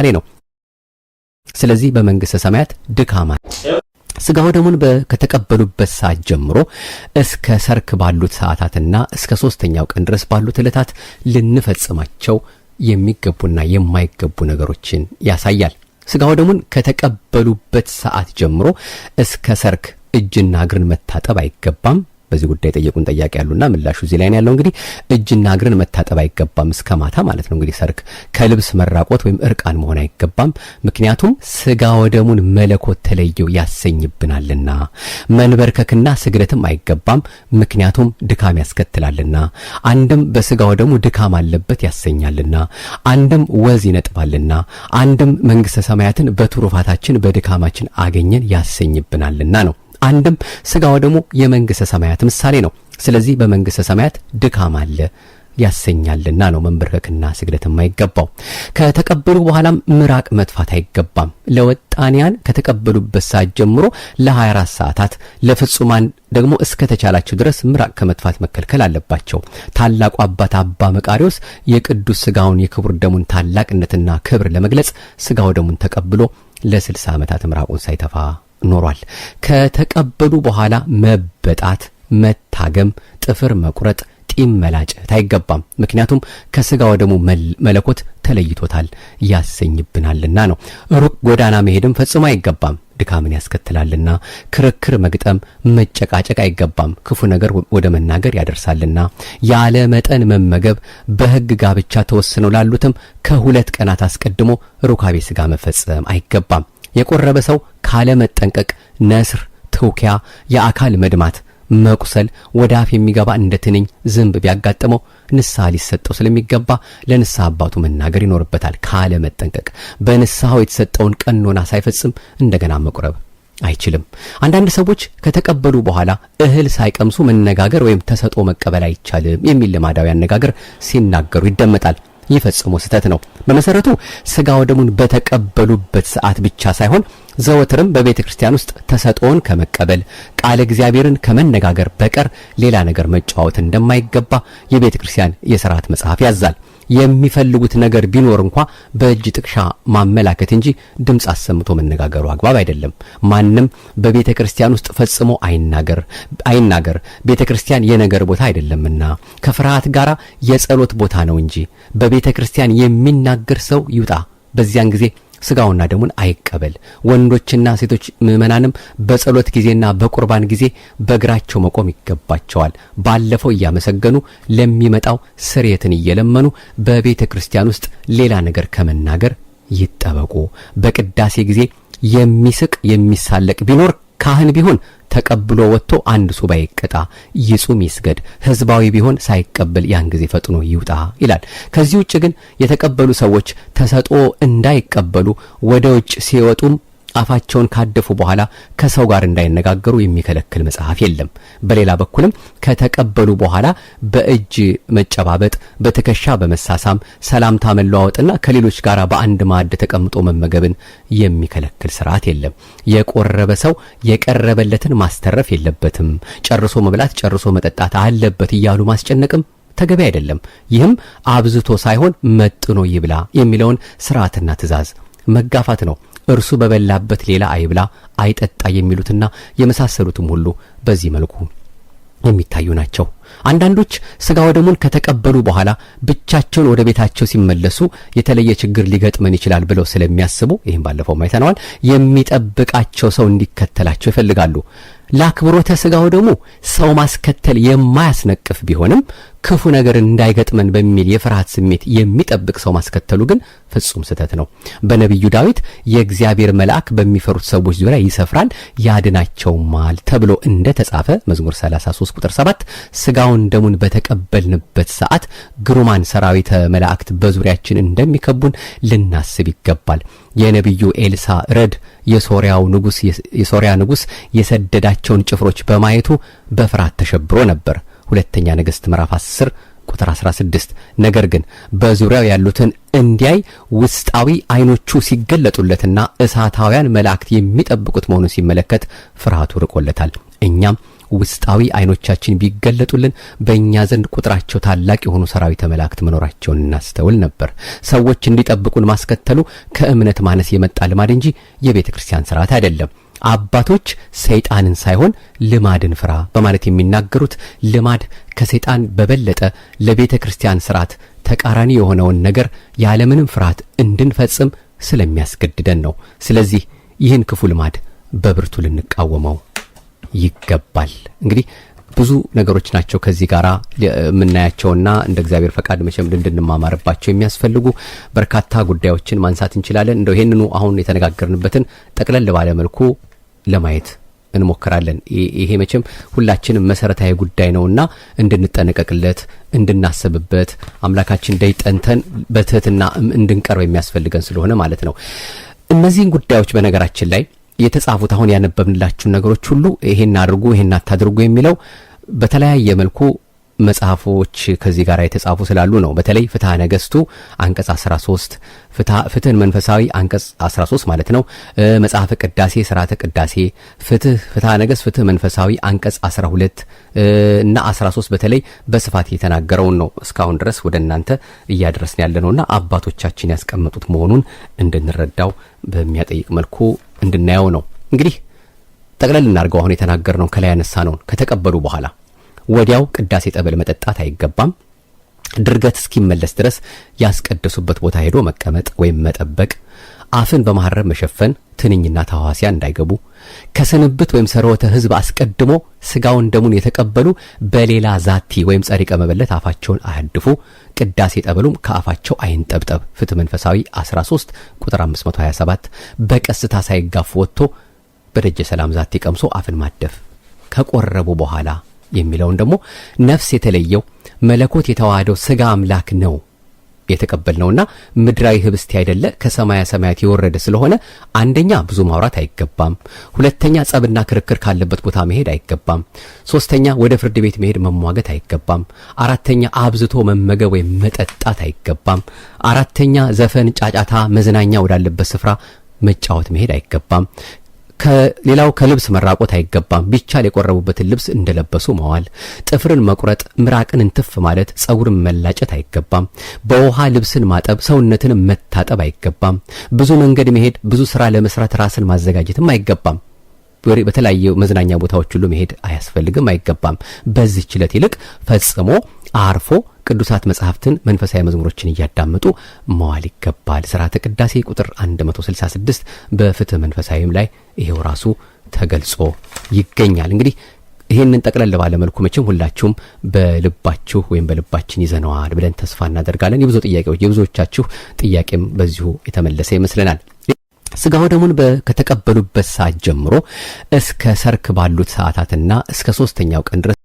ምሳሌ ነው። ስለዚህ በመንግሥተ ሰማያት ድካማ ስጋው ደሙን ከተቀበሉበት ሰዓት ጀምሮ እስከ ሰርክ ባሉት ሰዓታትና እስከ ሶስተኛው ቀን ድረስ ባሉት ዕለታት ልንፈጽማቸው የሚገቡና የማይገቡ ነገሮችን ያሳያል። ስጋው ደሙን ከተቀበሉበት ሰዓት ጀምሮ እስከ ሰርክ እጅና እግርን መታጠብ አይገባም። በዚህ ጉዳይ ጠየቁን ጠያቂ ያሉና ምላሹ እዚህ ላይ ያለው እንግዲህ እጅና እግርን መታጠብ አይገባም እስከ ማታ ማለት ነው። እንግዲህ ሰርክ ከልብስ መራቆት ወይም እርቃን መሆን አይገባም። ምክንያቱም ስጋ ወደሙን መለኮት ተለየው ያሰኝብናልና። መንበርከክና ስግደትም አይገባም። ምክንያቱም ድካም ያስከትላልና። አንድም በስጋ ወደሙ ድካም አለበት ያሰኛልና። አንድም ወዝ ይነጥባልና። አንድም መንግሥተ ሰማያትን በትሩፋታችን በድካማችን አገኘን ያሰኝብናልና ነው። አንድም ስጋው ደግሞ የመንግሥተ ሰማያት ምሳሌ ነው። ስለዚህ በመንግሥተ ሰማያት ድካም አለ ያሰኛልና ነው መንበርከክና ስግደት የማይገባው። ከተቀበሉ በኋላም ምራቅ መጥፋት አይገባም። ለወጣንያን ከተቀበሉበት ሰዓት ጀምሮ ለ24 ሰዓታት፣ ለፍጹማን ደግሞ እስከ ተቻላቸው ድረስ ምራቅ ከመጥፋት መከልከል አለባቸው። ታላቁ አባት አባ መቃሪዎስ የቅዱስ ስጋውን የክቡር ደሙን ታላቅነትና ክብር ለመግለጽ ስጋው ደሙን ተቀብሎ ለ60 ዓመታት ምራቁን ሳይተፋ ኖሯል። ከተቀበሉ በኋላ መበጣት፣ መታገም፣ ጥፍር መቁረጥ፣ ጢም መላጨት አይገባም። ምክንያቱም ከስጋ ወደሙ መለኮት ተለይቶታል ያሰኝብናልና ነው። ሩቅ ጎዳና መሄድም ፈጽሞ አይገባም ድካምን ያስከትላልና። ክርክር መግጠም፣ መጨቃጨቅ አይገባም ክፉ ነገር ወደ መናገር ያደርሳልና። ያለ መጠን መመገብ በህግ ጋብቻ ተወስነው ላሉትም ከሁለት ቀናት አስቀድሞ ሩካቤ ስጋ መፈጸም አይገባም። የቆረበ ሰው ካለመጠንቀቅ ነስር፣ ትውኪያ፣ የአካል መድማት፣ መቁሰል፣ ወደ አፍ የሚገባ እንደ ትንኝ ዝንብ ቢያጋጥመው ንስሐ ሊሰጠው ስለሚገባ ለንስሐ አባቱ መናገር ይኖርበታል። ካለመጠንቀቅ በንስሐው የተሰጠውን ቀኖና ሳይፈጽም እንደገና መቁረብ አይችልም። አንዳንድ ሰዎች ከተቀበሉ በኋላ እህል ሳይቀምሱ መነጋገር ወይም ተሰጦ መቀበል አይቻልም የሚል ልማዳዊ አነጋገር ሲናገሩ ይደመጣል። ይህ ስተት ስህተት ነው። በመሰረቱ ስጋው ደሙን በተቀበሉበት ሰዓት ብቻ ሳይሆን ዘወትርም በቤተ ክርስቲያን ውስጥ ተሰጥኦን ከመቀበል ቃለ እግዚአብሔርን ከመነጋገር በቀር ሌላ ነገር መጨዋወት እንደማይገባ የቤተ ክርስቲያን የሥርዓት መጽሐፍ ያዛል። የሚፈልጉት ነገር ቢኖር እንኳ በእጅ ጥቅሻ ማመላከት እንጂ ድምፅ አሰምቶ መነጋገሩ አግባብ አይደለም። ማንም በቤተ ክርስቲያን ውስጥ ፈጽሞ አይናገር አይናገር። ቤተ ክርስቲያን የነገር ቦታ አይደለምና ከፍርሃት ጋር የጸሎት ቦታ ነው እንጂ በቤተ ክርስቲያን የሚናገር ሰው ይውጣ። በዚያን ጊዜ ስጋውና ደሙን አይቀበል። ወንዶችና ሴቶች ምእመናንም በጸሎት ጊዜና በቁርባን ጊዜ በእግራቸው መቆም ይገባቸዋል። ባለፈው እያመሰገኑ ለሚመጣው ስርየትን እየለመኑ በቤተ ክርስቲያን ውስጥ ሌላ ነገር ከመናገር ይጠበቁ። በቅዳሴ ጊዜ የሚስቅ የሚሳለቅ ቢኖር ካህን ቢሆን ተቀብሎ ወጥቶ አንድ ሱባኤ ቅጣ ይጹም ይስገድ፣ ህዝባዊ ቢሆን ሳይቀበል ያን ጊዜ ፈጥኖ ይውጣ ይላል። ከዚህ ውጭ ግን የተቀበሉ ሰዎች ተሰጦ እንዳይቀበሉ ወደ ውጭ ሲወጡም አፋቸውን ካደፉ በኋላ ከሰው ጋር እንዳይነጋገሩ የሚከለክል መጽሐፍ የለም። በሌላ በኩልም ከተቀበሉ በኋላ በእጅ መጨባበጥ፣ በትከሻ በመሳሳም ሰላምታ መለዋወጥና ከሌሎች ጋር በአንድ ማዕድ ተቀምጦ መመገብን የሚከለክል ስርዓት የለም። የቆረበ ሰው የቀረበለትን ማስተረፍ የለበትም። ጨርሶ መብላት፣ ጨርሶ መጠጣት አለበት እያሉ ማስጨነቅም ተገቢ አይደለም። ይህም አብዝቶ ሳይሆን መጥኖ ይብላ የሚለውን ስርዓትና ትዕዛዝ መጋፋት ነው። እርሱ በበላበት ሌላ አይብላ፣ አይጠጣ የሚሉትና የመሳሰሉትም ሁሉ በዚህ መልኩ የሚታዩ ናቸው። አንዳንዶች ስጋ ወደሙን ከተቀበሉ በኋላ ብቻቸውን ወደ ቤታቸው ሲመለሱ የተለየ ችግር ሊገጥመን ይችላል ብለው ስለሚያስቡ ይህም ባለፈው አይተነዋል፣ የሚጠብቃቸው ሰው እንዲከተላቸው ይፈልጋሉ። ለአክብሮተ ስጋው ደግሞ ሰው ማስከተል የማያስነቅፍ ቢሆንም ክፉ ነገር እንዳይገጥመን በሚል የፍርሃት ስሜት የሚጠብቅ ሰው ማስከተሉ ግን ፍጹም ስተት ነው። በነቢዩ ዳዊት የእግዚአብሔር መልአክ በሚፈሩት ሰዎች ዙሪያ ይሰፍራል ያድናቸውማል ተብሎ እንደተጻፈ መዝሙር 33 ቁጥር 7 ስጋ ስጋውን ደሙን በተቀበልንበት ሰዓት ግሩማን ሰራዊተ መላእክት በዙሪያችን እንደሚከቡን ልናስብ ይገባል። የነቢዩ ኤልሳ ረድ የሶሪያው ንጉስ የሶሪያ ንጉስ የሰደዳቸውን ጭፍሮች በማየቱ በፍርሃት ተሸብሮ ነበር። ሁለተኛ ነገሥት ምዕራፍ 10 ቁጥር 16 ነገር ግን በዙሪያው ያሉትን እንዲያይ ውስጣዊ አይኖቹ ሲገለጡለትና እሳታውያን መላእክት የሚጠብቁት መሆኑን ሲመለከት ፍርሃቱ ርቆለታል። እኛም ውስጣዊ አይኖቻችን ቢገለጡልን በእኛ ዘንድ ቁጥራቸው ታላቅ የሆኑ ሰራዊተ መላእክት መኖራቸውን እናስተውል ነበር። ሰዎች እንዲጠብቁን ማስከተሉ ከእምነት ማነስ የመጣ ልማድ እንጂ የቤተ ክርስቲያን ስርዓት አይደለም። አባቶች ሰይጣንን ሳይሆን ልማድን ፍራ በማለት የሚናገሩት ልማድ ከሰይጣን በበለጠ ለቤተ ክርስቲያን ስርዓት ተቃራኒ የሆነውን ነገር ያለምንም ፍርሃት እንድንፈጽም ስለሚያስገድደን ነው። ስለዚህ ይህን ክፉ ልማድ በብርቱ ልንቃወመው ይገባል። እንግዲህ ብዙ ነገሮች ናቸው ከዚህ ጋር የምናያቸውና እንደ እግዚአብሔር ፈቃድ መቼም እንድንማማርባቸው የሚያስፈልጉ በርካታ ጉዳዮችን ማንሳት እንችላለን። እንደው ይህንኑ አሁን የተነጋገርንበትን ጠቅለል ባለ መልኩ ለማየት እንሞክራለን። ይሄ መቼም ሁላችንም መሰረታዊ ጉዳይ ነውና እንድንጠነቀቅለት፣ እንድናስብበት አምላካችን እንዳይጠንተን በትህትና እንድንቀርብ የሚያስፈልገን ስለሆነ ማለት ነው እነዚህን ጉዳዮች በነገራችን ላይ የተጻፉት አሁን ያነበብንላችሁ ነገሮች ሁሉ ይሄን አድርጉ፣ ይሄን አታድርጉ የሚለው በተለያየ መልኩ መጽሐፎች ከዚህ ጋር የተጻፉ ስላሉ ነው። በተለይ ፍትሐ ነገስቱ አንቀጽ 13 ፍትህን መንፈሳዊ አንቀጽ 13 ማለት ነው። መጽሐፈ ቅዳሴ፣ ስርዓተ ቅዳሴ፣ ፍትህ ፍትሐ ነገሥት፣ ፍትህ መንፈሳዊ አንቀጽ 12 እና 13 በተለይ በስፋት የተናገረውን ነው እስካሁን ድረስ ወደ እናንተ እያደረስን ያለ ነውና አባቶቻችን ያስቀመጡት መሆኑን እንድንረዳው በሚያጠይቅ መልኩ እንድናየው ነው። እንግዲህ ጠቅለል እናድርገው። አሁን የተናገርነው ከላይ ያነሳነውን ከተቀበሉ በኋላ ወዲያው ቅዳሴ ጠበል መጠጣት አይገባም። ድርገት እስኪመለስ ድረስ ያስቀደሱበት ቦታ ሄዶ መቀመጥ ወይም መጠበቅ፣ አፍን በመሐረብ መሸፈን፣ ትንኝና ተህዋሲያን እንዳይገቡ ከስንብት ወይም ሰርወተ ህዝብ አስቀድሞ ስጋውን ደሙን የተቀበሉ በሌላ ዛቲ ወይም ጸሪቀ መበለት አፋቸውን አያድፉ፣ ቅዳሴ ጠበሉም ከአፋቸው አይንጠብጠብ። ፍትህ መንፈሳዊ 13 ቁጥር 527 በቀስታ ሳይጋፉ ወጥቶ በደጀ ሰላም ዛቲ ቀምሶ አፍን ማደፍ ከቆረቡ በኋላ የሚለውን ደግሞ ነፍስ የተለየው መለኮት የተዋህደው ስጋ አምላክ ነው የተቀበልነውና ምድራዊ ህብስት አይደለ ከሰማያ ሰማያት የወረደ ስለሆነ አንደኛ ብዙ ማውራት አይገባም። ሁለተኛ ጸብና ክርክር ካለበት ቦታ መሄድ አይገባም። ሶስተኛ ወደ ፍርድ ቤት መሄድ መሟገት አይገባም። አራተኛ አብዝቶ መመገብ ወይም መጠጣት አይገባም። አራተኛ ዘፈን፣ ጫጫታ፣ መዝናኛ ወዳለበት ስፍራ መጫወት መሄድ አይገባም። ከሌላው ከልብስ መራቆት አይገባም። ቢቻል የቆረቡበትን ልብስ እንደለበሱ መዋል፣ ጥፍርን መቁረጥ፣ ምራቅን እንትፍ ማለት፣ ጸጉርን መላጨት አይገባም። በውሃ ልብስን ማጠብ፣ ሰውነትን መታጠብ አይገባም። ብዙ መንገድ መሄድ፣ ብዙ ስራ ለመስራት ራስን ማዘጋጀትም አይገባም። በተለያየ መዝናኛ ቦታዎች ሁሉ መሄድ አያስፈልግም፣ አይገባም። በዚህ ችለት ይልቅ ፈጽሞ አርፎ ቅዱሳት መጽሐፍትን መንፈሳዊ መዝሙሮችን እያዳመጡ መዋል ይገባል። ስርዓተ ቅዳሴ ቁጥር 166 በፍትህ መንፈሳዊም ላይ ይሄው ራሱ ተገልጾ ይገኛል። እንግዲህ ይህንን ጠቅለል ባለ መልኩ መቼም ሁላችሁም በልባችሁ ወይም በልባችን ይዘነዋል ብለን ተስፋ እናደርጋለን። የብዙ ጥያቄዎች የብዙዎቻችሁ ጥያቄም በዚሁ የተመለሰ ይመስለናል። ስጋው ደሙን ከተቀበሉበት ሰዓት ጀምሮ እስከ ሰርክ ባሉት ሰዓታትና እስከ ሶስተኛው ቀን ድረስ